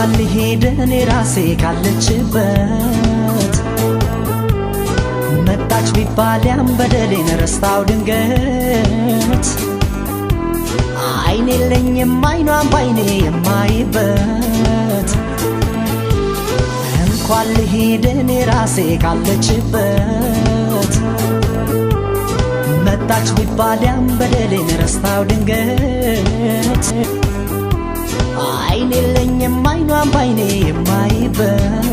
ይዟል ሄደ እኔ ራሴ ካለችበት መጣች ቢባል ያም በደሌን ረስታው ድንገት አይን የለኝም አይኗም ባይኔ የማይበት እንኳን ልሄድ እኔ ራሴ ካለችበት መጣች ቢባል ያም በደሌን ረስታው ድንገት አይን ለኝም አይኗም ባይኔ የማይበት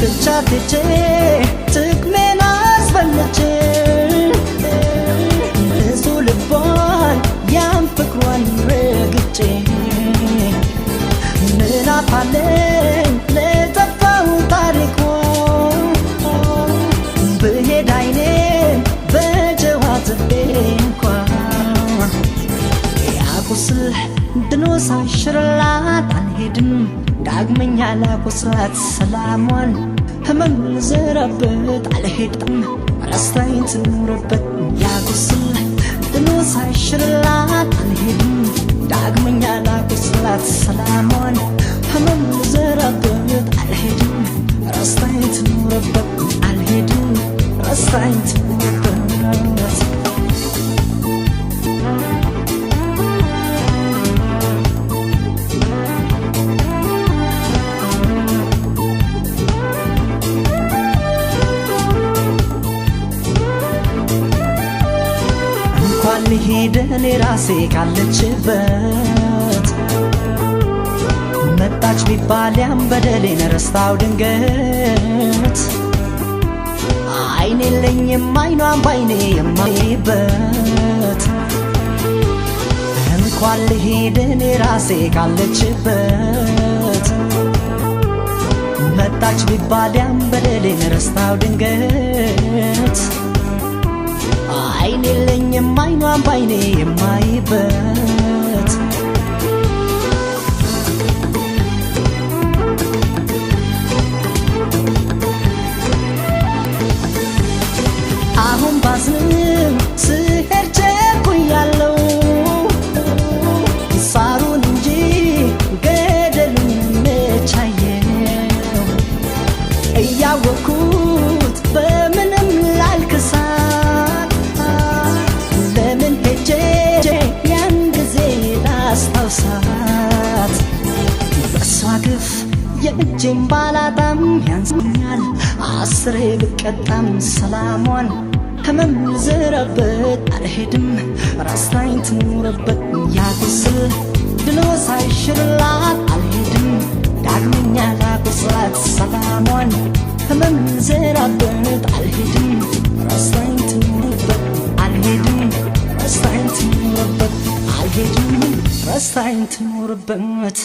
ትቻትቼ ጥቅሜን አስፈልቼ ብዙ ልቧን ያን ፍቅሯን ረግጬ ምን አፋለኝ ዳግመኛ ላቁስራት ሰላሟን ህመኑን ልዘራበት አልሄድም ረስታይን ትኑርበት ያቁስል ድኖ ሳይሽርላት አልሄድም ዳግመኛ ላቁስራት ሰላሟን ልሂድ እኔ ራሴ ካለችበት መጣች ቢባል ያም በደሌን ረስታው ድንገት አይኔ የለኝም አይኗን ባይኔ የማይበት እንኳን ልሂድ እኔ ራሴ ካለችበት መጣች ቢባል ያም በደሌን ረስታው ድንገት ainoa mbaine e mai bă የእጅም ባላጣም ያንሰኛል አስሬ ብቀጣም ሰላሟን ከመምዝረበት አልሄድም ራስታኝ ትኑረበት ያቁስል ድሎ ሳይሽላት አልሄድም ዳግመኛ ላቁስላት ሰላሟን ከመምዝረበት አልሄድም ራስታኝ ትኑረበት አልሄድም ራስታኝ ትኑረበት አልሄድም ራስታኝ ትኑርበት